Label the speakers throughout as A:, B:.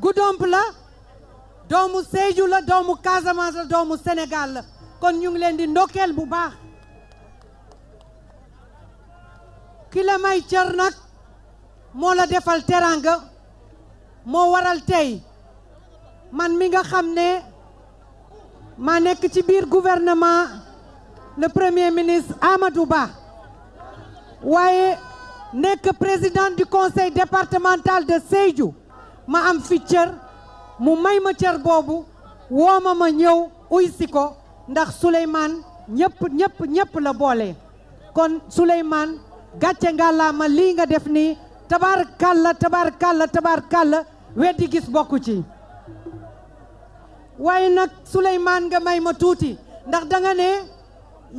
A: Goudomp la doomu Sédhiou la doomu Casamance la doomu Sénégal la kon ñu ngi leen di ndokkeel bu baax ki la may cër nag moo la defal teraanga moo waral tey man mi nga xam ne maa nekk ci biir gouvernement le premier ministre Amadou Ba waaye nekk président du conseil départemental de Sédhiou ma am fi cër mu may ma cër boobu woo ma ñëw uy si ko ndax Souleymane ñëpp ñëpp ñëpp la boole kon Souleymane gàcce ngàllaama lii nga def nii tabaar kàlla tabaar kàlla tabaar kàlla weddi gis bokku ci waaye nag Souleymane nga may ma tuuti ndax danga ne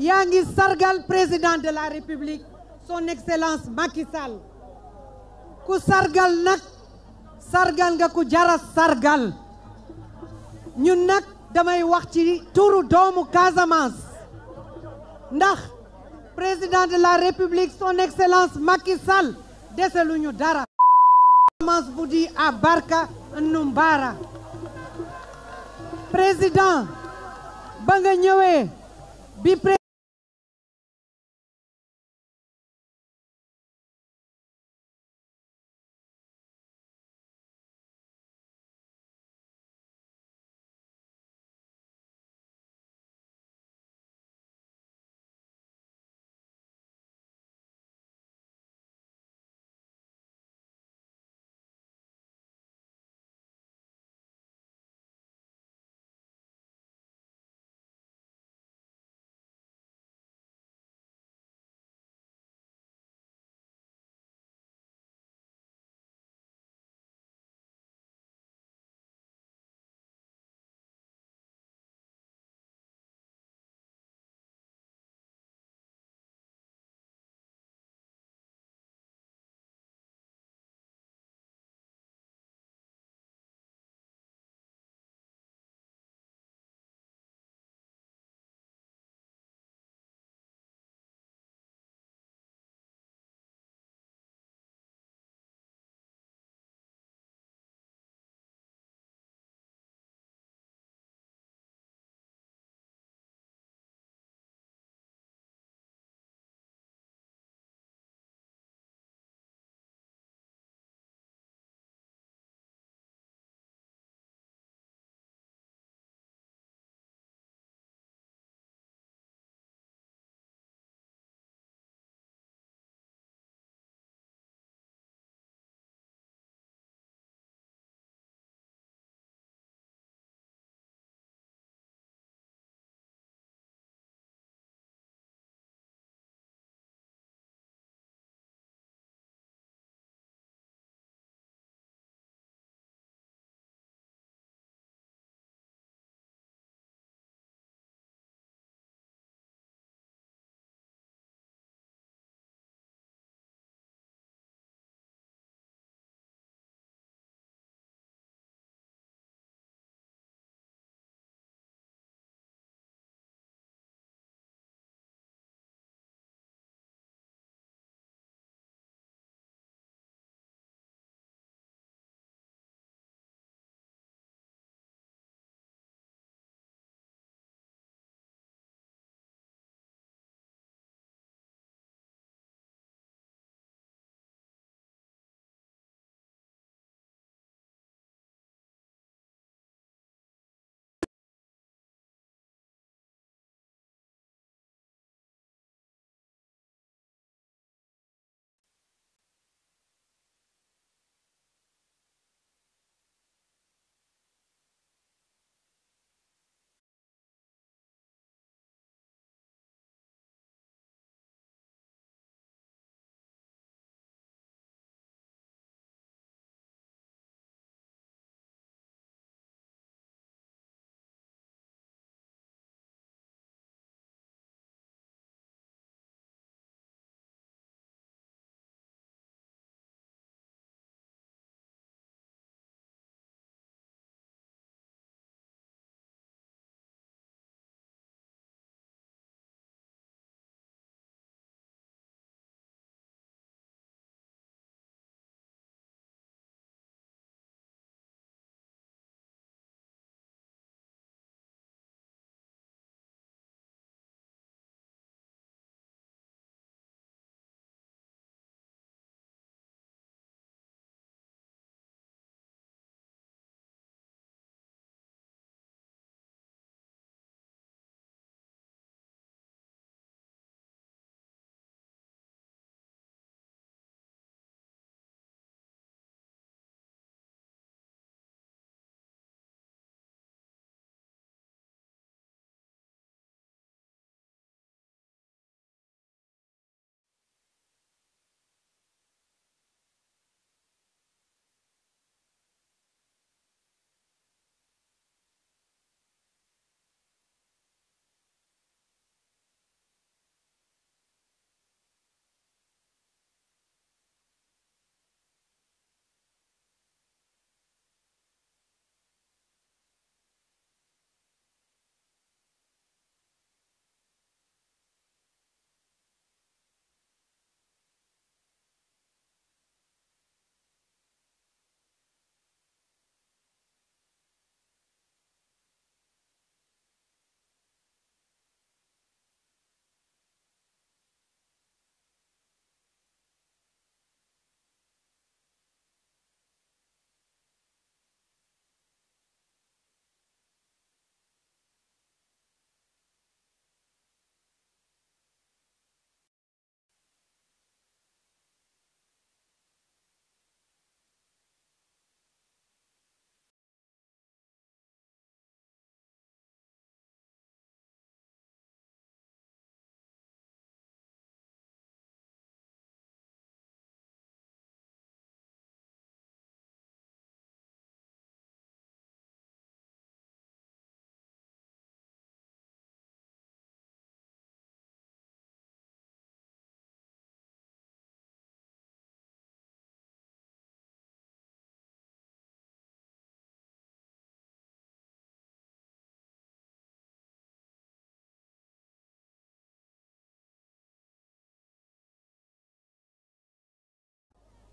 A: yaa ngi sargal président de la république son excellence Macky Sall ku sargal nag sargal nga ku jara sargal ñun nag damay wax ci turu doomu Casamance ndax président de la république son excellence Macky Sall deseluñu dara Casamance vous dit à Barka Numbara président ba nga ñëwee bi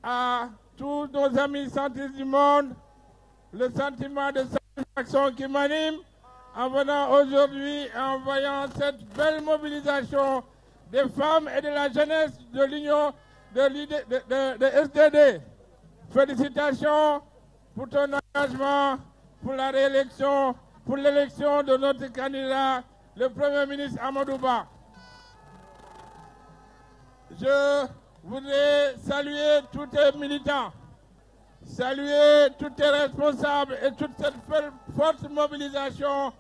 B: à hein, tous nos amis santé du monde le sentiment de satisfaction qui m'anime en venant aujourd'hui et en voyant cette belle mobilisation des femmes et de la jeunesse de l'Union de, de, de, Félicitations pour ton engagement, pour la réélection, pour l'élection de notre candidat, le Premier ministre Amadouba. Je je voudrais saluer tous les militants, saluer tous les responsables et toute cette forte mobilisation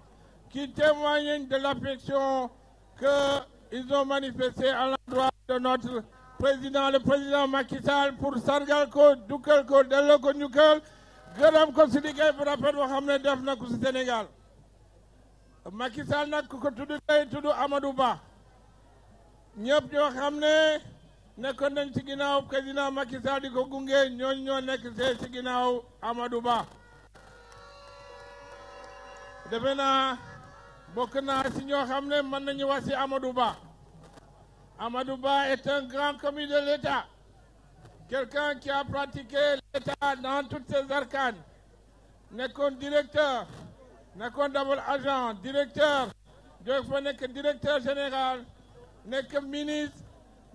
B: qui témoigne de l'affection qu'ils ont manifestée à l'endroit de notre président, le président Macky Sall, pour sargal ko dukkal ko ko pour rappeler ko Sénégal Macky Sall je nañ le président Macky Sall di ko gunge ñooñ Amadouba. Je ci Amadou Ba est un grand commis de l'État quelqu'un qui a pratiqué l'État dans toutes ses arcanes nekkoon directeur nekkoon double agent directeur jox fa nekk directeur général nekk ministre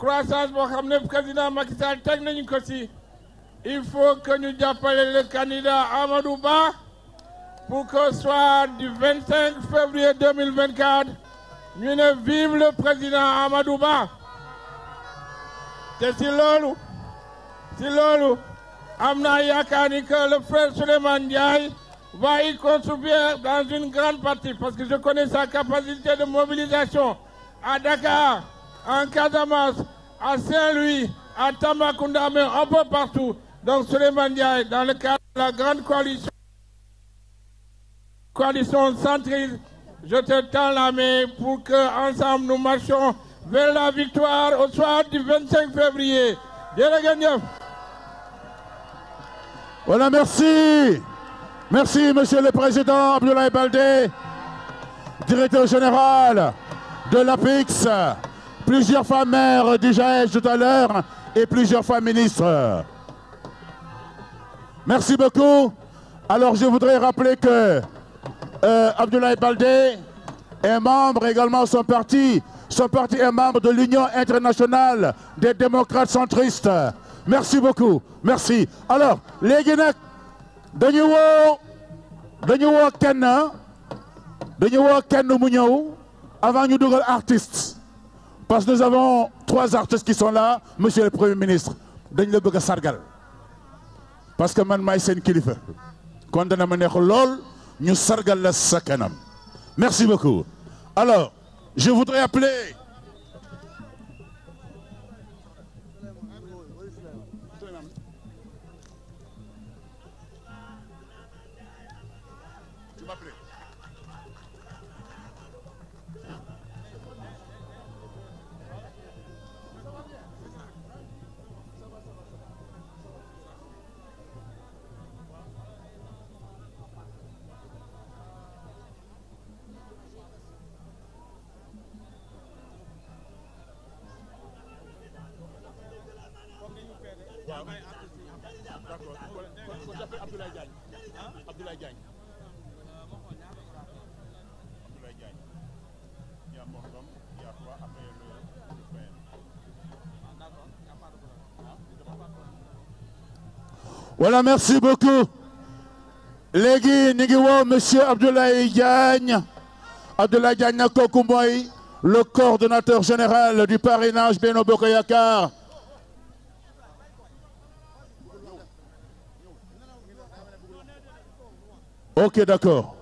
B: croissance pour amener le président Macky Sall il faut que nous appelions le candidat Amadouba Ba pour ce soir du 25 février 2024 ñu ne vive le président Amadouba. C'est si loolu si le frère Souleymane va y contribuer dans une grande partie parce que je connais sa capacité de mobilisation à Dakar en Casamance, à Saint-Louis, à Tamacoundamé, un peu partout. dans Suleiman dans le cadre de la grande coalition, coalition centriste, je te tends la main pour que ensemble nous marchions vers la victoire au soir du 25 février.
C: Voilà, merci. Merci, Monsieur le Président Abdoulaye Baldé, directeur général de l'APIX plusieurs fois maire du Jaège tout à l'heure et plusieurs fois ministre. Merci beaucoup. Alors je voudrais rappeler que euh, Abdoulaye Baldé est membre également de son parti. Son parti est membre de l'Union internationale des démocrates centristes. Merci beaucoup. Merci. Alors, les Guinéens, de nouveau, de nouveau, de dañu de nouveau, avant nous, dougal artistes, parce que nous avons trois artistes qui sont là monsieur le premier ministre donnez la sargal parce que man maay sen quand on a ma l'ol, nous ñu sargal la merci beaucoup alors je voudrais appeler merci beaucoup. Légui, Nigiwa, Monsieur Abdoulaye Gagne. Abdoulaye Gagne Kokumboy, le coordonnateur général du parrainage Beno Ok, d'accord.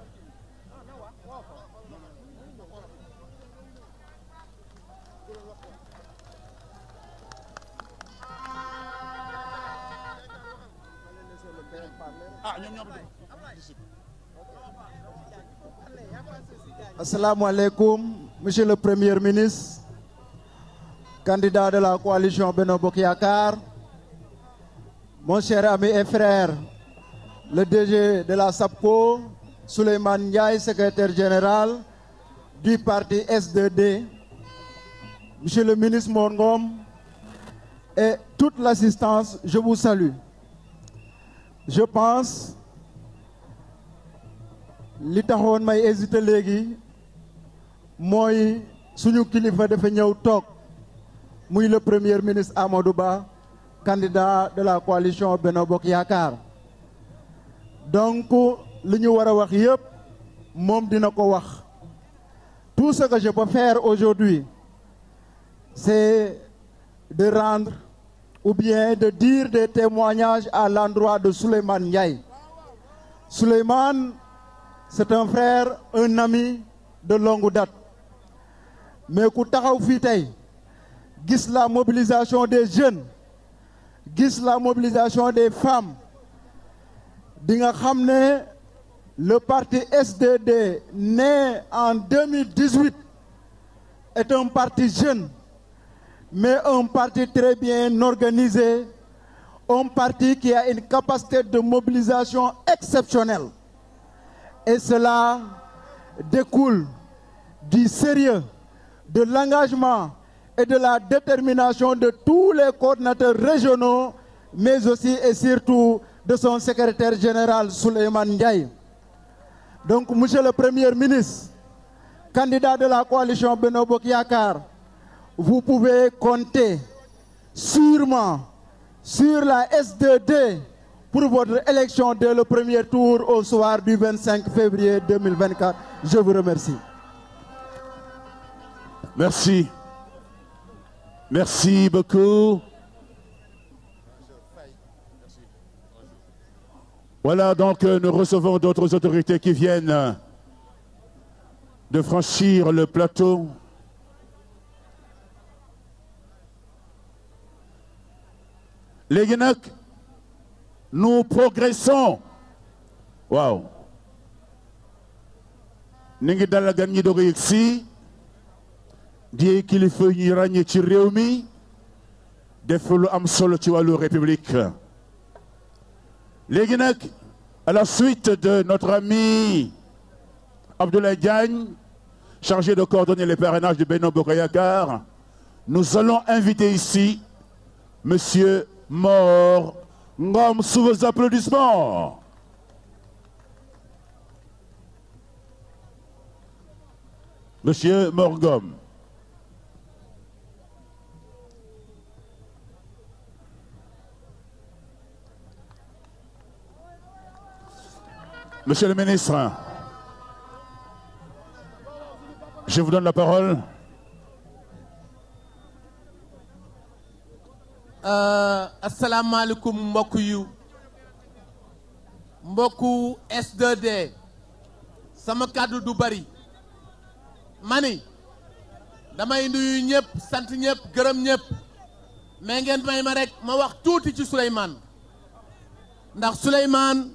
D: Assalamu alaikum, Monsieur le Premier ministre, candidat de la coalition Beno mon cher ami et frère, le DG de la SAPCO, Souleyman Ndiaye, secrétaire général du parti SDD, 2 d Monsieur le ministre Mongom et toute l'assistance, je vous salue. Je pense, l'Itaron m'a hésité moi, suñu kilifa dafa ñew le premier ministre Amadou candidat de la coalition Benno Bok donc liñu wara wax dina tout ce que je peux faire aujourd'hui c'est de rendre ou bien de dire des témoignages à l'endroit de Suleiman Ndiaye Souleymane c'est un frère un ami de longue date mais écoutez, la mobilisation des jeunes la mobilisation des femmes le parti SDD né en 2018 est un parti jeune mais un parti très bien organisé un parti qui a une capacité de mobilisation exceptionnelle et cela découle du sérieux de l'engagement et de la détermination de tous les coordinateurs régionaux, mais aussi et surtout de son secrétaire général Souleymane Ndiaye. Donc, Monsieur le Premier ministre, candidat de la coalition Benobok Yakar, vous pouvez compter sûrement sur la SDD pour votre élection dès le premier tour au soir du 25 février 2024. Je vous remercie. Merci. Merci beaucoup.
C: Voilà, donc euh, nous recevons d'autres autorités qui viennent de franchir le plateau. Les Yenak, nous progressons. Waouh. Nous avons Dire kilifa ñi y ranger ci réew mi def lu am solo ci république Les nak à la suite de notre ami Abdoulaye Diagne chargé de coordonner les parrainages de Benoît Bokayakar nous allons inviter ici monsieur Morgom sous vos applaudissements monsieur Morgom. Monsieur le ministre, je vous donne la parole.
E: Euh, Assalamu alaikum yu mbokku S2D sama Dubari, mani damay nuyu yep, sant ñëpp gërëm ñëpp mais ngeen may ma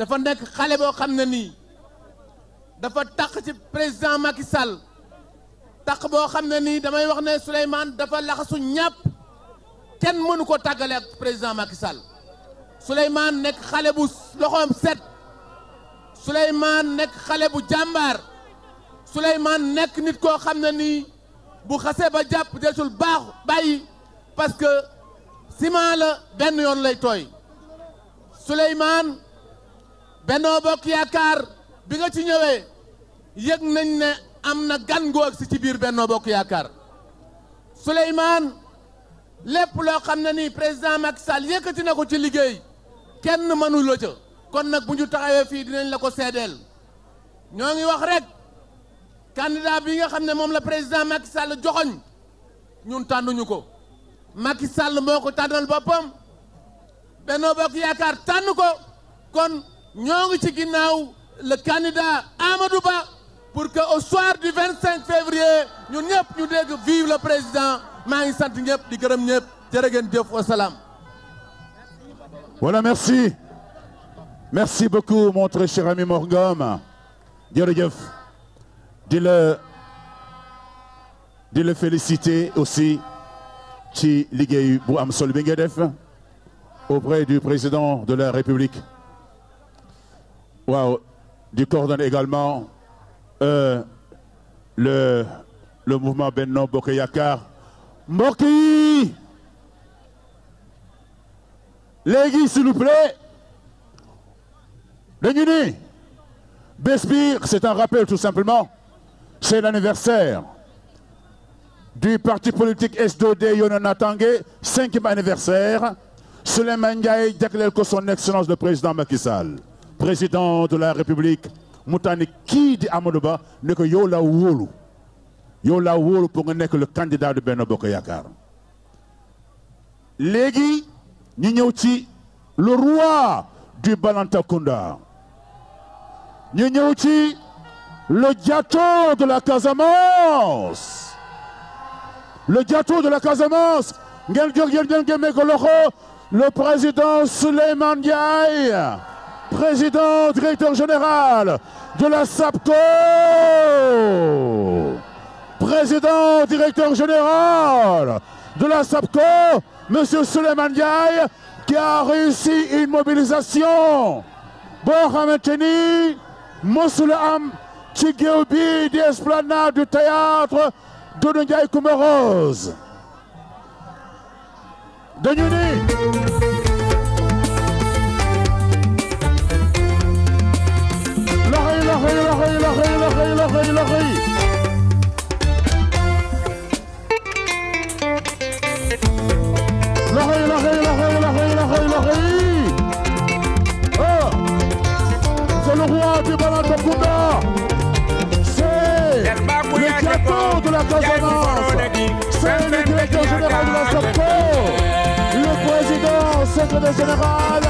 E: dafa nekk xale boo xam ne nii dafa taq ci président Macky Sall taq boo xam ne nii damay wax ne Souleymane dafa laxasu ñàpp kenn mënu ko ak président Macky Sall Souleymane nekk xale bu loxoom set Souleymane nekk xale bu jàmbaar Souleymane nekk nit koo xam ne nii bu xasee ba jàpp deetul baax bàyyi parce que ciment la benn lay Benno Bokk Yaakaar bi nga ci ñëwee yëg nañ ne am na gan goog si ci biir Benno Bokk Yaakaar Souleymane lépp loo xam ne nii président Macky Sall yëkkati na ko ci liggéey kenn mënu la kon nag bu ñu taxawee fii dinañ la ko seedeel ñoo ngi wax rek candidat bi nga xam ne moom la président Macky Sall joxoñ ñun tànnuñu ko Macky Sall moo ko tànnal boppam Benno Bokk Yaakaar tànn ko kon nous avons ci le candidat Amadou Ba pour que au soir du 25 février nous ñëpp ñu dégg vive le président maa ngi sant ñëpp di gërëm ñëpp jërë wa salam.
C: voilà merci merci beaucoup mon très cher ami Morgom jërëjëf di le, le féliciter aussi ci liggéey bu am auprès du président de la République du du également euh, le le mouvement Benno Bokeyakar. Yakar. mbokk s'il vous plaît Légui, Bespire, c'est un rappel tout simplement c'est l'anniversaire du parti politique S2D Yoonu cinquième anniversaire Souleymane Ndiaye que son excellence le président Macky Sall président de la république Moutani Kidi Amadouba, n'est que Yola ne Yola yow pour le candidat de Benobokayakar. Bokk Yaakaar le roi du Balantakunda. ñu le gâteau de la Casamance le gâteau de la Casamance le président Suleiman Diaye président, directeur général de la SAPCO. Président, directeur général de la SAPCO, Monsieur Souleymane Diaye, qui a réussi une mobilisation. Teni, Mosuleham, Tchigéobi, des d'Esplanade du théâtre de Ndiaye Koumerose. De leen loxo yi loxo yi loxo yi loxo yi loxo yi
B: loxo c'est le roi du Balatokunda c'est le gâteau de la Casamance
F: c'est le directeur général de la SAPCO le président secrétaire général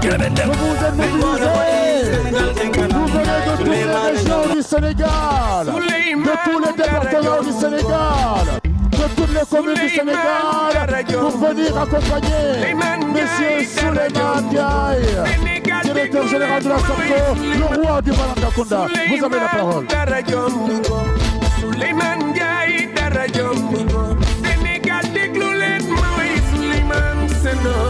F: Vous êtes mobilisés
E: Vous venez de toutes les régions du Sénégal De tous les départements du Sénégal de toutes les communes du Sénégal pour venir accompagner Monsieur Souleymane Diaye
F: directeur général de la Santé le roi du Kounda. Vous avez la parole. Souleymane Sénégal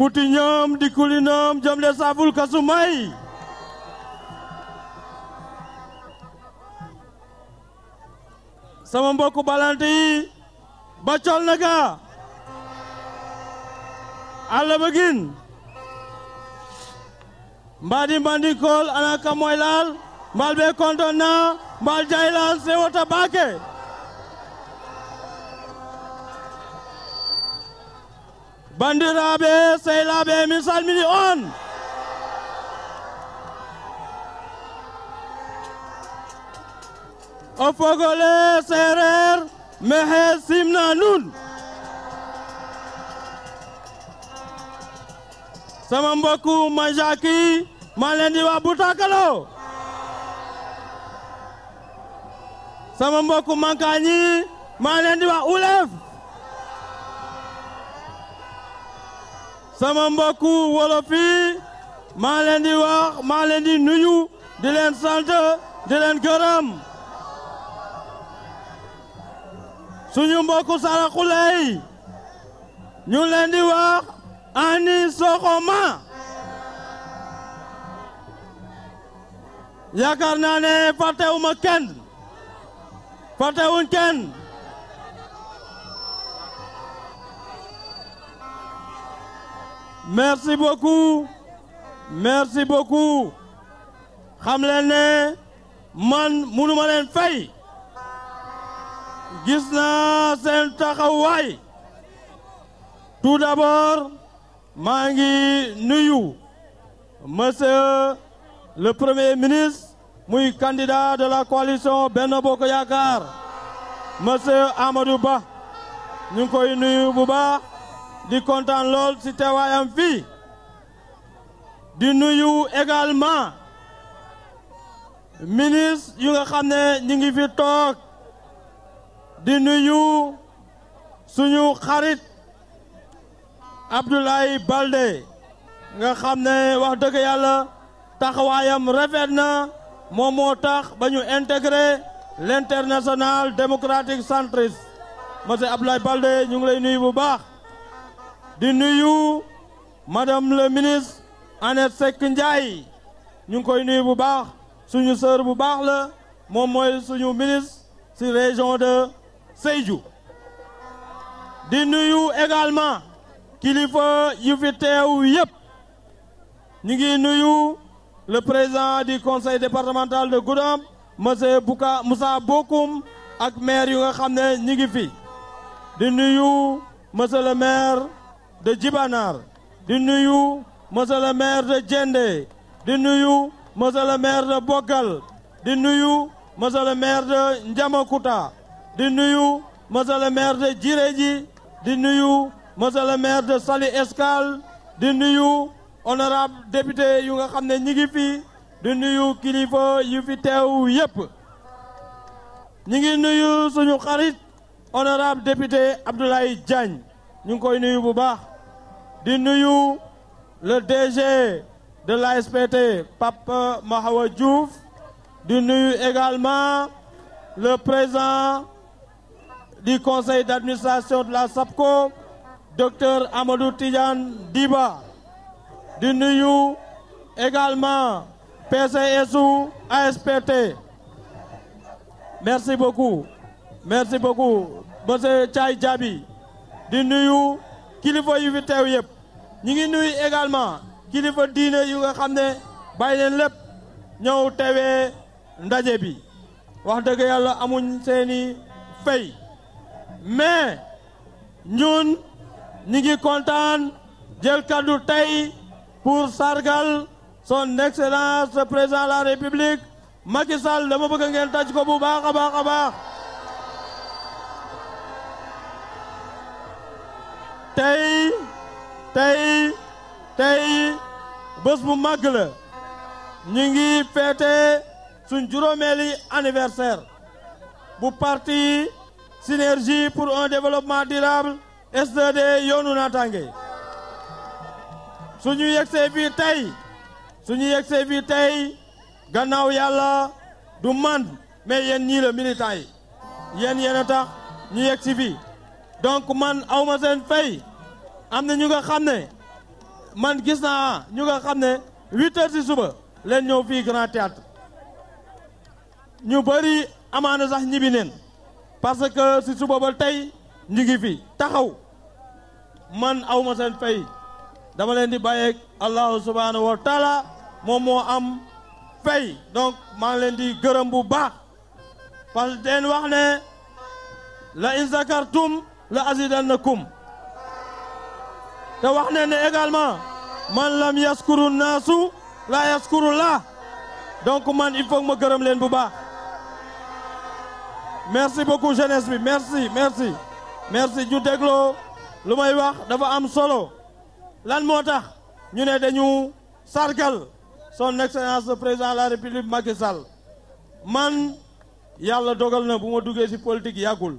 G: Kutinyam dikulinam jamle sabul kasumai. sama mbokku balante yi bacol na alla begin mbadi mbandi kol anaka moy lal mbal be konton na mbal jaylan bandiraɓe sehlaɓe min salmini on o fogole sereer mehe simna nun sama mbokku maa leen di wax mankañi maa leen ulef sama mbokku wolof yi maa leen di wax maa leen di nuyu di leen sant di leen gërëm suñu mbokku saraxule yi leen di wax ani soxoma yaakaar naa ne fàttewuma kenn fàttewuñ kenn merci beaucoup merci beaucoup xam man munu ma fay tout d'abord Mangi nuyu monsieur le premier ministre muy candidat de la coalition Benobokoyakar, Bokoyakar. monsieur Amadou Ba ñu du kontaan lol ci un fils. di nuyu également ministre yu nga xamné ngi fi nuyu suñu xarit Abdoulaye Balde, nga xamné wax deug yalla taxawayam a intégré l'international démocratique centriste monsieur Abdoulaye Balde ñu lay nuyu di nuyu madame le ministre Annette Sek Ndiaye ñu ngi koy nuyu bu baax suñu sœur bu baax la moom mooy suñu ministre ci région de Sédhiou di nuyu également kilifa yu fi teew yépp ñu ngi nuyu le président du conseil départemental de Goudomp monsieur Bouka Moussa Bokoum ak maire yu nga xam ne ñu ngi fi di nuyu monsieur le maire de Djibanar de nuyu monsieur le maire de Djende, de Nuyou, monsieur le maire de Bogal di nuyu monsieur le maire de Ndjamokuta, de Nuyou, monsieur le maire de Djireji de Nuyou, monsieur le maire de Sali Escale de Nuyou, honorable député yu nga Nigifi, de ñi Kilifo, fi di nuyu kilifa honorable député Abdoulaye Diagne ñu koy du nuyu le DG de l'ASPT Pape Mahawa Diouf di nuyu également le président du conseil d'administration de la SAPCO Dr Amadou Tijan Diba du nuyu également PCSU ASPT merci beaucoup merci beaucoup monsieur Chai Djabi. di nuyu faut yu fi teew yëpp ñi nous également kilifa faut yu nga xam des bàyyi nous lépp ndaje bi wax dëgg yalla amuñ fay mais ñun ñi ngi pour sargal son excellence président de la république Macky Sall dama bëgg ngeen Tay, tay, tay. bëss bu màgg la ñu ngi feete suñ juróomeeli anniversaire bu parti synergie pour un développement durable SDD yoonu tangé suñu yegsee bi tay suñu yegsee bi tay. gannaaw yalla du man mais yéen ñii la militant yi yéen tax ñu donc man awma seen fay am na ñu nga xam ne man gis naa ñu nga xam ne huit heures si suba leen ñëw fii Grand Théâtre ñu bari amaana sax ñibbi neen parce que si suba ba tey ñu ngi fi taxaw man awma seen fay dama leen di bàyyeeg allahu subhanahu wa taala moom moo am fay donc maa leen di gërëm bu baax parce deen wax ne la in zakartum la na azidannakum te wax ne ne également man lam yaskuru naasu la yaskuru la donc man il faut ma gërëm leen bu baax merci beaucoup jeunesse bi merci merci merci ñu degloo lu may wax dafa am solo lan moo tax ñu ne dañu sargal son excellence le président de la république Macky man yàlla dogal na bu ma duggee ci politique yàggul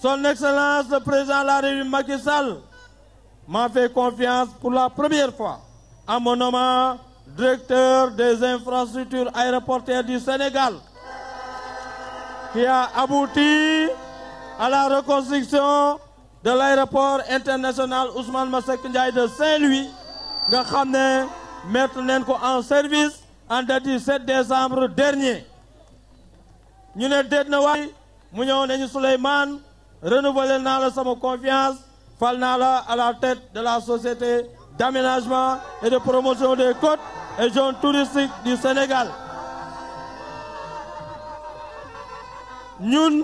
G: Son Excellence le Président de la République Sall m'a fait confiance pour la première fois à mon nom directeur des infrastructures aéroportuaires du Sénégal qui a abouti à la reconstruction de l'aéroport international Ousmane Mbacké Ndiaye de Saint-Louis nga maintenant mettre en service en 17 décembre dernier Nous ne renouveler la confiance à la tête de la société d'aménagement et de promotion des côtes et zones touristiques du Sénégal ñun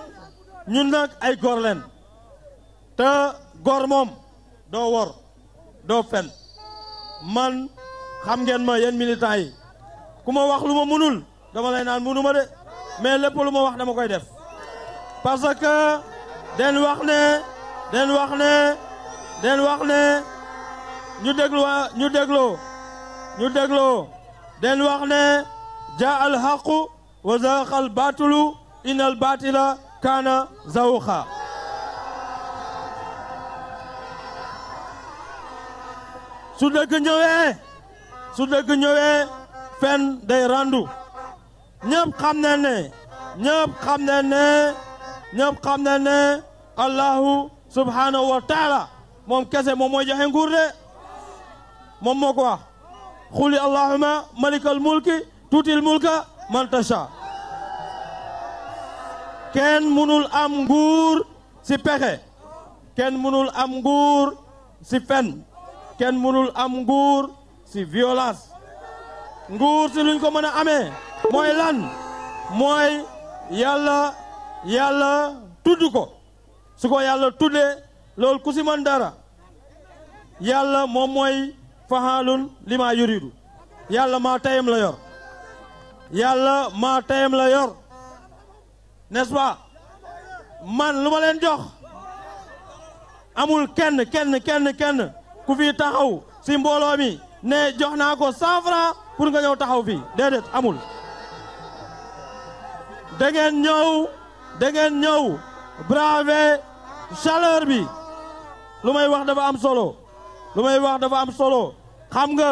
G: nous sommes te gormom do man xam ngeen ma militant yi kuma wax mënul dama lay naan de mais wax dama koy parce que den wax ne den wax ne den wax ne ñu déglu ñu dégloo ñu dégloo den wax ne jaa al haqu wa zaqa al baatulu in al baatila kaana zawuqa su dëgg ñëwee su dëgg ñëwee fen day randu ñëpp xam ne ne ñëpp xam ne ne ñëpp xam na ne allahu subhanahu wa moom kese moom mooy joxe nguur de moom moo ko wax xuli allahuma malikal mulki tuutil mulka man tasha kenn mënul am nguur si pexe kenn mënul am nguur si fen kenn mënul am nguur si violence nguur si luñ ko mën a ame mooy lan mooy yàlla yàlla tudd ko su ko yàlla tuddee loolu ku si mën dara yàlla moom mooy faxaalun li maa yàlla maa tayam la yor yàlla maa tayam la yor n'est-ce man lu leen jox amul kenn kenn kenn kenn ku fi taxaw si mbooloo mi ne jox naa ko cent francs pour nga ñëw taxaw fii amul da ngeen da ngeen ñëw braver chaleur bi lu may wax dafa am solo lu may wax dafa am solo xam nga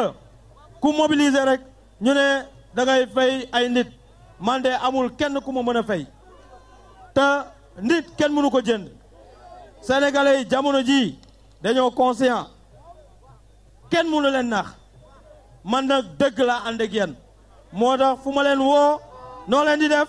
G: ku mobiliser rek ñu ne dangay fay ay nit man amul kenn ku ma mën a fay te nit kenn mënu ko jënd sénégalais yi jamono ji dañoo conscient kenn mënu leen nax man na dëgg laa ànd ak yéen moo tax fu ma leen woo noo leen di def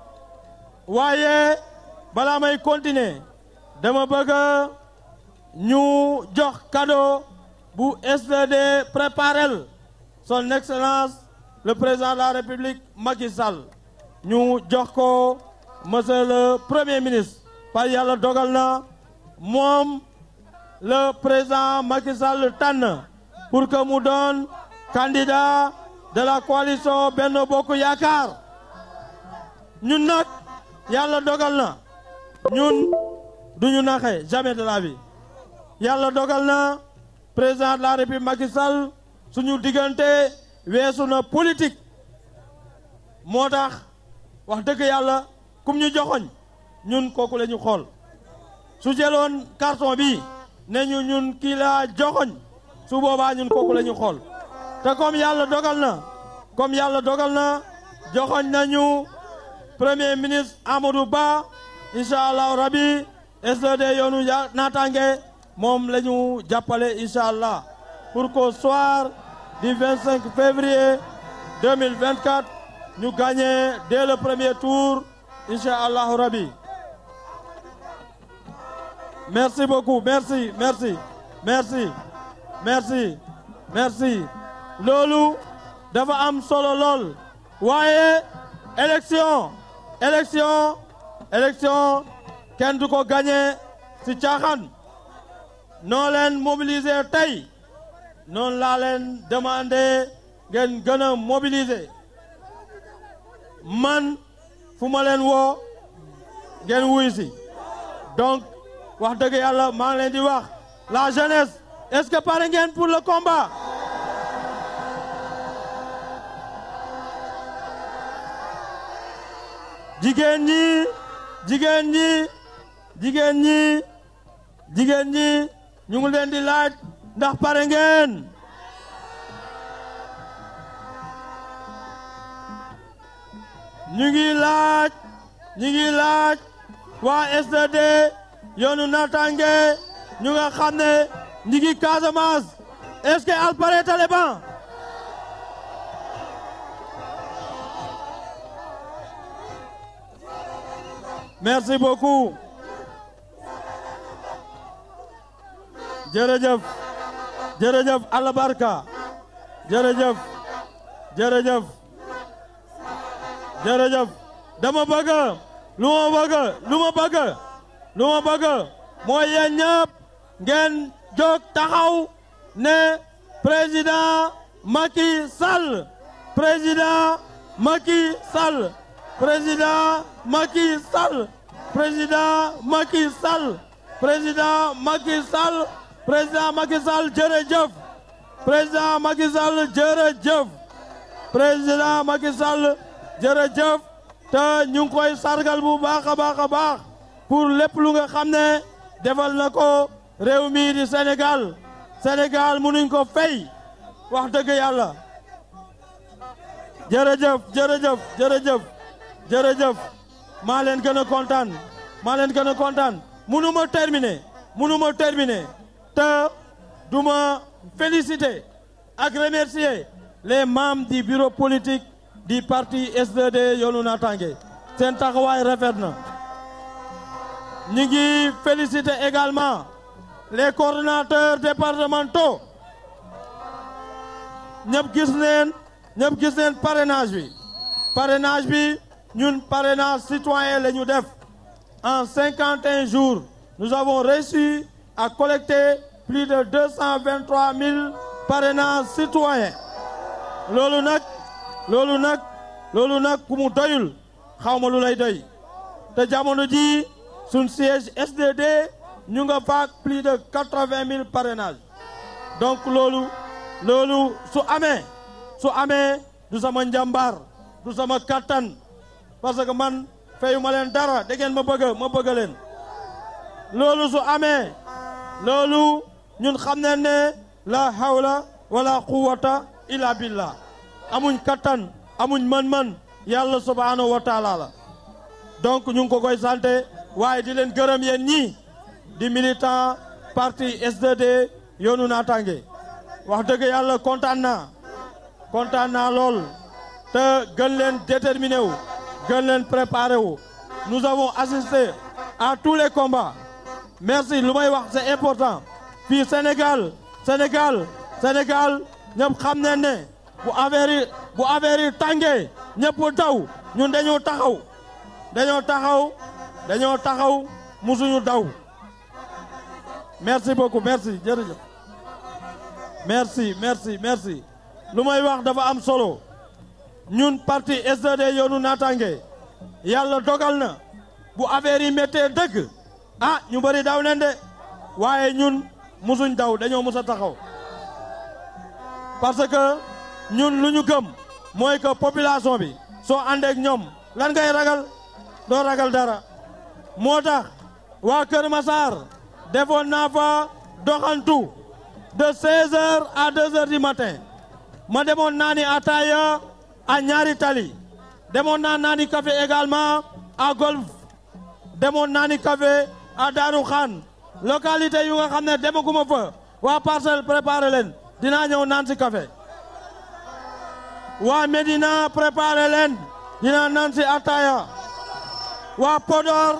G: Waye, voilà may continuer dama baga, ñu jox cadeau bu SDD préparel son excellence le président de la république Macky Nous ñu jox ko monsieur le premier ministre par dogal na le président Macky Sall pour que mu le candidat de la coalition Benno yakar Yakar, n'avons yàlla dogal na ñun duñu naxe jamais de la vie yàlla dogal na président de la république Macky suñu diggante weesu na politique moo tax wax dëgg yàlla kum ñu joxoñ ñun kooku la ñu xool su jëloon carton bi ne ñu ñun kii laa joxoñ su boobaa ñun kooku la ñu xool te comme yàlla dogal na comme yàlla dogal na joxoñ nañu premier ministre Amadou Ba incha allah rabi SDD yoonu Natange, moom la ñu pour qu'au soir du 25 février 2024 nous gagnions dès le premier tour Inch'Allah rabi. Merci beaucoup, merci, merci, merci, merci, merci. Lolou, devant am solo lol. élections. élection élection élection kenn du ko gagné ci caaxaan noo leen mobiliser aujourd'hui, noonu laa leen demandé gën a mobiliser man fu ma leen vous wuy si donc wax vous yàlla maa ngi la jeunesse est-ce que vous parlez pour le combat jigéen ñi jigéen ñi jigéen ñi jigéen ñi ñu ngi leen di laaj ndax pare ngeen ñu ngi laaj ñu ngi laaj waa SDD yoonu naataange ñu nga xam ne ñu ngi Casamance est-ce que al pare Taliban merci beaucoup jërëjëf jërëjëf Allah barka jërëjëf jërëjëf jërëjëf dama bëgg lu ma bëgg lu mooy yéen ñëpp ngeen jóg taxaw ne président Macky Sall président Macky Sall président Macky Sall président Macky Sall président Macky Sall président Macky Sall jërëjëf président Macky Sall jërëjëf président Macky Sall jërëjëf te ñu ngi koy sargal bu baax a baax a baax pour lépp lu nga xam ne defal na ko réew mii di Sénégal Sénégal mënuñ ko fay wax dëgg yàlla jërëjëf jërëjëf jërëjëf jërëjëf maa leen gën a kontaan maa leen gën a terminer munu terminer te duma féliciter ak remercier les membres du bureau politique du parti SDD Yoonu tangé sen taxawaay rafet ñi ñu ngi féliciter également les coordinateurs départementaux ñëpp gis neen ñëpp gis neen parrainage bi parrainage bi nous parrainage citoyen la ñu en 51 jours nous avons réussi à collecter plus de 223 000 parrainages citoyens doyul siège SDD ñu nga plus de 80 000 parrainages donc lolu lolu su sommes su amé du sama njambar du sama parce que man fayu ma leen dara da ngeen ma bëgg ma bëgg leen loolu su amee loolu ñun xam ne ne la hawla wala quwwata illa billah amuñ kattan amuñ mën-mën yàlla subhaanahu wa taala la donc ñu ngi ko koy santé waaye di leen gërëm yéen ñii di militant parti SDD yoonu naataange wax dëgg yàlla kontaan naa kontaan naa lool te gën leen déterminé wu gën leen préparé wu nous avons assisté à tous les combats merci lu may wax c'est important Puis Sénégal Sénégal Sénégal nous xam ne ne bu affaire yi bu affaire tangé, tàngee ñëpp daw ñun dañoo taxaw dañoo taxaw dañoo taxaw musuñu daw merci beaucoup merci merci merci merci lu may wax dafa am solo ñun parti SDD yoonu naataange yàlla dogal na bu affaire yi méttee dëgg ah ñu bëri daw leen de waaye ñun musuñ daw dañoo mus a taxaw parce que ñun lu ñu gëm mooy que population bi soo àndeek ñoom lan ngay ragal doo ragal dara moo tax waa Kër Massar defoon naa fa doxantu de 16 heures à 2 heures du matin ma demoon naa ni ataaya a ñaari tali demoon naa naani café également à golf demoon naani café à Darou Khan localité yu nga xam ne demaguma fa waa parcelle préparé leen dinaa ñëw naan si café waa Médina préparé leen dinaa naan si ataya waa Podor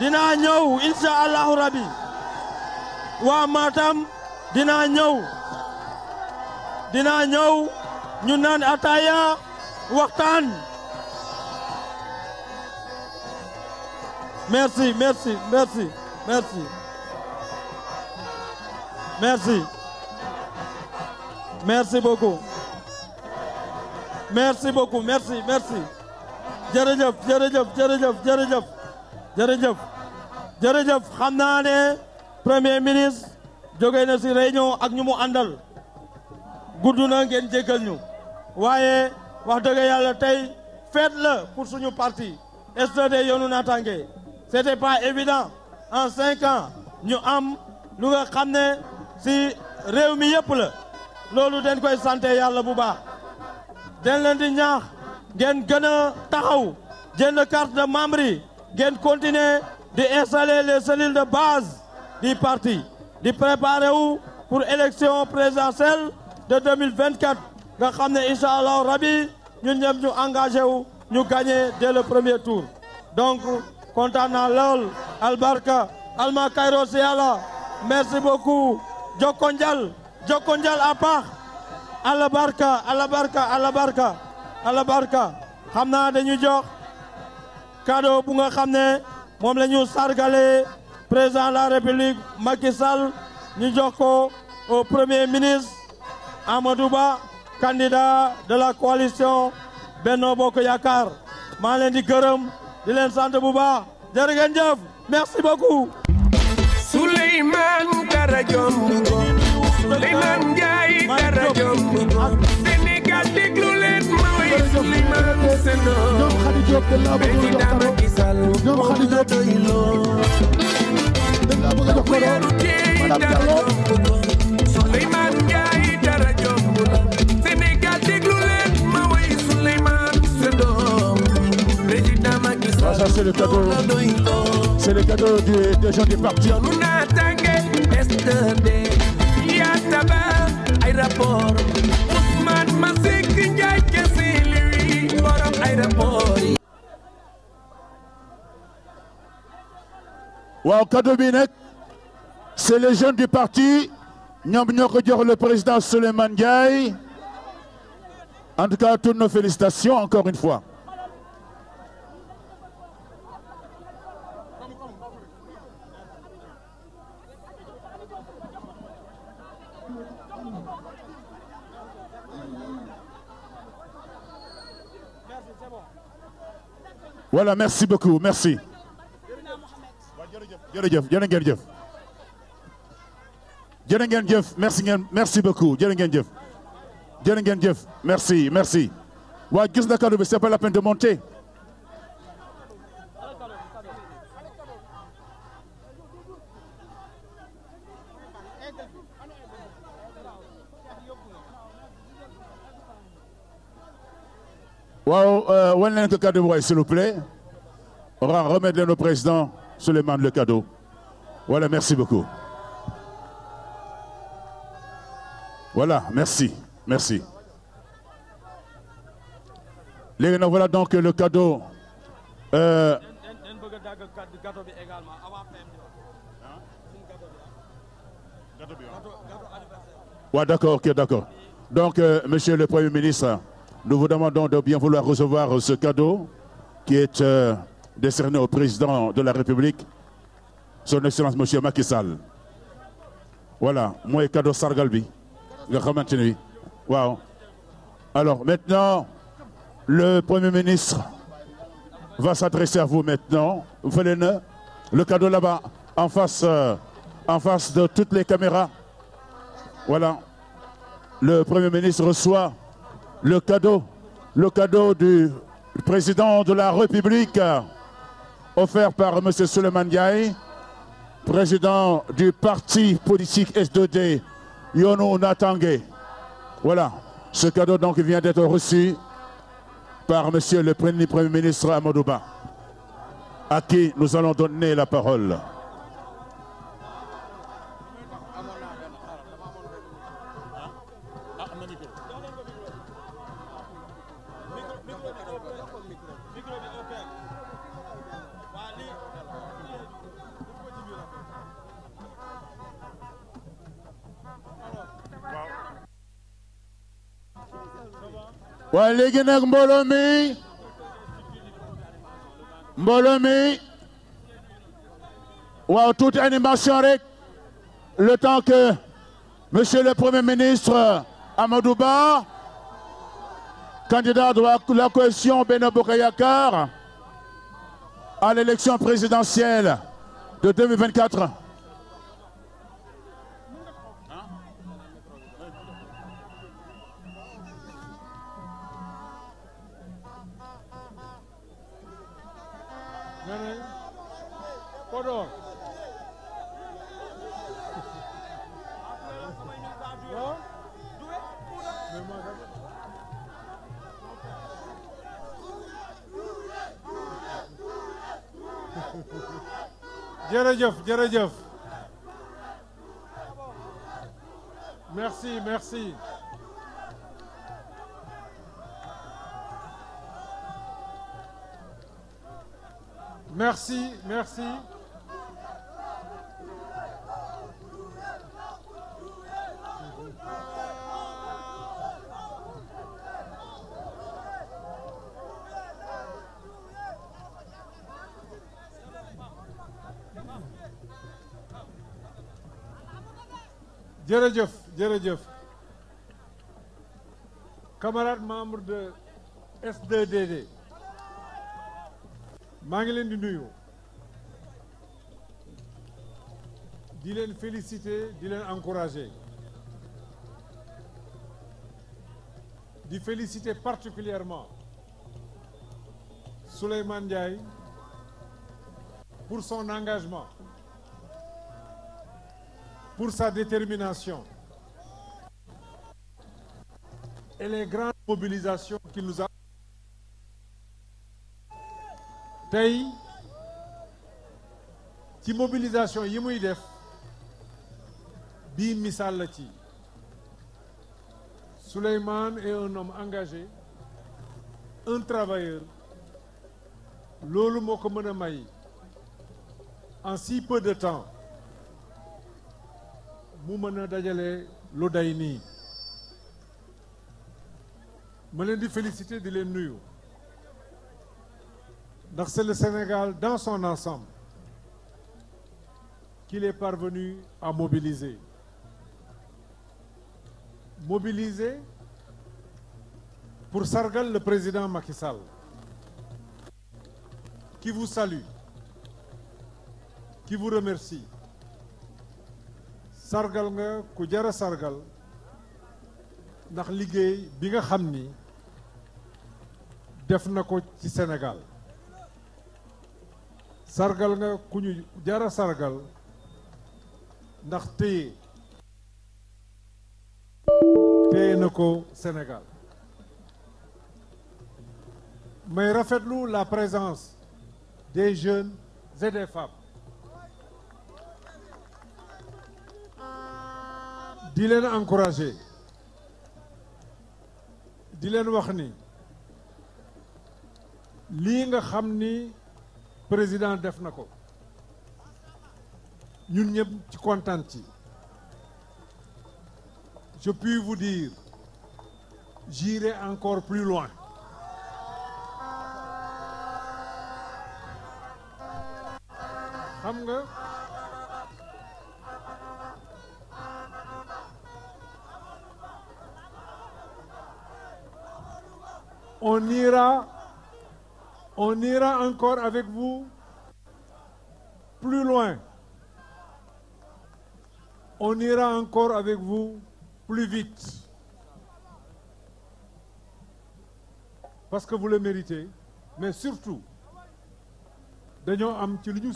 G: dinaa ñëw insha allahu rabi waa Matam dinaa ñëw dinaa ñëw ñu naan ataya waxtaan merci merci merci merci merci merci beaucoup merci beaucoup merci merci jërëjëf jërëjëf jërëjëf jërëjëf jërëjëf jërëjëf xam naa ne premier ministre jóge na ci réunion ak ñu mu àndal gudd na ngeen jéggal ñu waaye Faites-le la pour suñu parti SDD yoonu c'était pas évident en cinq ans nous avons lu nga xam si réew santé le la Bouba. dañ koy sant yàlla bu baax dañ leen di ñaax carte de membre yi continue continuer installer les cellules de base du parti de préparer wu pour élection présidentielle de 2024 nga xamné inshallah rabbi ñu engagé ñu gagné dès le premier tour donc contana Lol, Al albarka alma Kairo Siala, merci beaucoup Jo njal jokko njal à part alabarka Ala alabarka alabarka xam xamna dañu jox cadeau bu nga xamné mom lañu sargalé sargale président de la république Macky Sall ñu jox ko au premier ministre Amadou candidat de la coalition Benno Bokk Yaakaar maa leen di gërëm di leen sant bu baax merci beaucoup
F: Ah, c'est le cadeau. C'est le cadeau des de gens des partis.
C: Wow, cadeau bi c'est les jeunes du parti Nous avons le président Suleiman Ndiaye en tout cas toutes nos félicitations encore une fois. Voilà, merci beaucoup, merci. jërëjëf jërë ngeen jëf jërë ngeen jëf merci ngeen merci beaucoup jërë ngeen jëf jërë ngeen jëf merci merci Wa gis na kàddu c'est pas la peine de monter waaw euh, wan s'il vous plaît on va remettre le président Souleymane le cadeau voilà merci beaucoup voilà merci merci Les voilà donc le cadeau euh, hein? d'accord ok d'accord donc euh, monsieur le premier ministre nous vous demandons de bien vouloir recevoir ce cadeau qui est euh, décerné au président de la République, son Excellence Monsieur Macky Sall. Voilà, moi cadeau Sargalbi. Wow. Alors maintenant, le Premier ministre va s'adresser à vous maintenant. Vous le cadeau là-bas en face euh, en face de toutes les caméras. Voilà. Le Premier ministre reçoit le cadeau, le cadeau du président de la République offert par M. Suleiman président du parti politique S2D, Yonou Voilà, ce cadeau donc vient d'être reçu par M. le Premier ministre Amadouba, à qui nous allons donner la parole. Le léegi Mbolomi mbolomi toute animation rek le temps que monsieur le premier ministre Amadou Ba candidat de la coalition Benno à l'élection présidentielle de 2024
H: merci merci merci merci Jerejef, Jerejef. camarades membres de SDDD, 2 dd maa du féliciter di len encourager di féliciter particulièrement Souleymane Diaye pour son engagement pour sa détermination et les grandes mobilisations qu'il nous a. Tay, ci mobilisation yi muy def bi est un homme engagé un travailleur lolo moko en si peu de temps mu dajale lu day nii féliciter c'est le Sénégal dans son ensemble qu'il est parvenu à mobiliser mobiliser pour sargal le président Macky Sall qui vous salue qui vous remercie sargal nga ku sargal ndax liggéey bi nga xam def na ci Sénégal sargal nga ku ñu sargal ndax téye téye na ko Sénégal may rafetlu la présence des jeunes et des femmes Dylan encourager encouragé wachni. wax ni président def Nous ñun je puis vous dire j'irai encore plus loin xam on ira, on ira encore avec vous plus loin. On ira encore avec vous plus vite. Parce que vous le méritez, mais surtout, nous am ci lu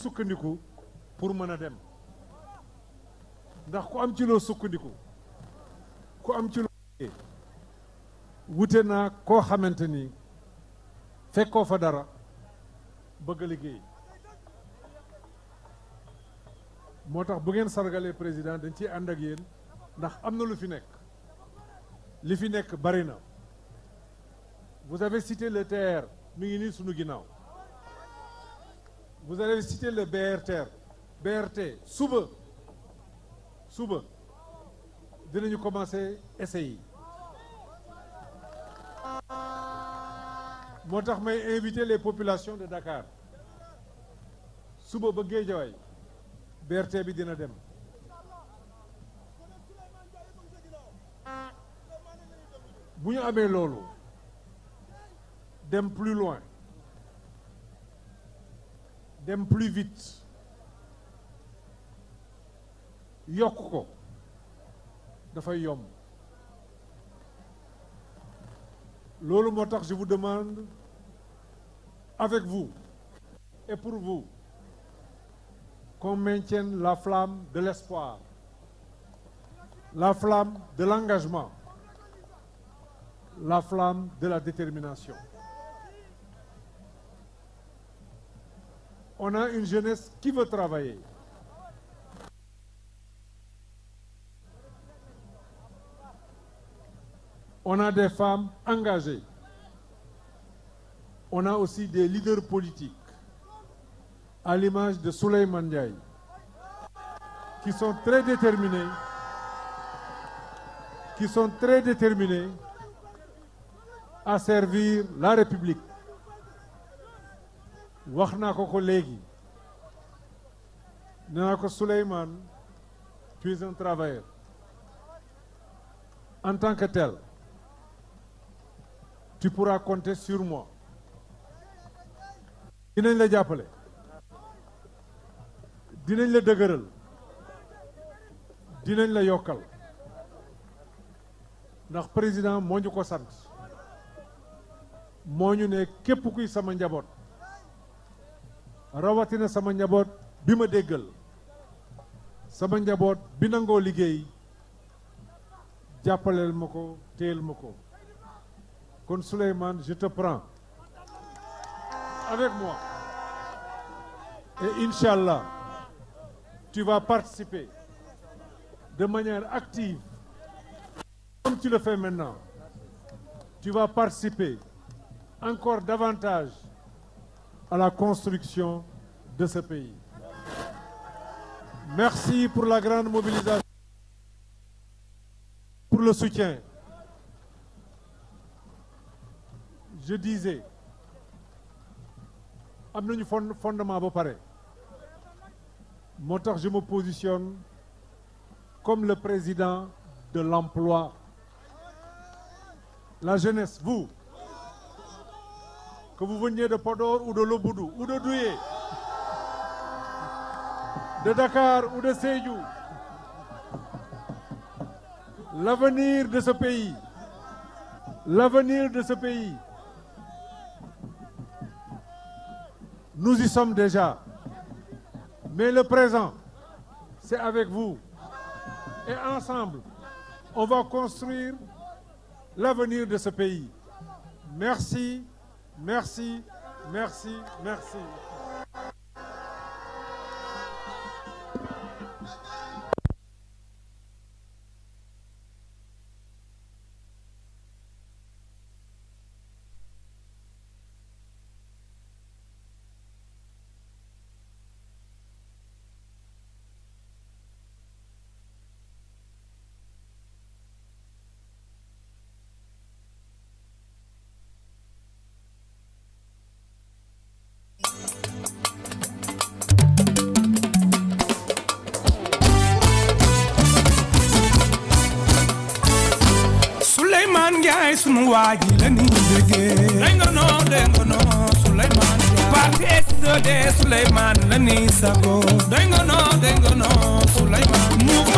H: pour mën a dem ndax ku am ci am wute naa koo xamante ni fa dara bëgg a liggéey moo tax bu ngeen sargalee président dañ ciy ànd ak yéen ndax am na lu fi nekk li fi nekk bari na vous avez cité le TER mi ngi nii sunu ginnaaw vous avez cité le BRTR BRT suba suba dinañu commencer essai motax may inviter les populations de Dakar suba ba Guédiawaye BRT bi dina dem bu dem plus loin dem plus vite Yoko, ko Lolo yomb je vous demande avec vous et pour vous qu'on maintienne la flamme de l'espoir, la flamme de l'engagement, la flamme de la détermination. On a une jeunesse qui veut travailler. On a des femmes engagées on a aussi des leaders politiques, à l'image de Souleymane Ndiaye, qui sont très déterminés, qui sont très déterminés à servir la République. Je ko ko tu es un travailleur en tant que tel tu pourras compter sur moi dinañ la jàppale dinañ la dëgëral dinañ la yokkal ndax président moo ñu ko sant moo ñu ne képp kuy sama njaboot rawatina sama njaboot bi ma déggal sama njaboot bi nangoo liggéey jàppaleel ma ko téyel ma ko kon Souleymane je te prends avec moi. Et Inch'Allah, tu vas participer de manière active, comme tu le fais maintenant. Tu vas participer encore davantage à la construction de ce pays. Merci pour la grande mobilisation, pour le soutien. Je disais, fondement ba vos je me positionne comme le président de l'emploi la jeunesse vous que vous veniez de Podor ou de Loboudou ou de Douye de Dakar ou de Seyou, l'avenir de ce pays l'avenir de ce pays Nous y sommes déjà. Mais le présent, c'est avec vous. Et ensemble, on va construire l'avenir de ce pays. Merci, merci, merci, merci.
F: waa ji la ñuy déggee. dañ ko noo dañ ko noo Souleymane Dia. parti S2D Souleymane la ñuy sago. dañ ko noo dañ a noo Souleymane.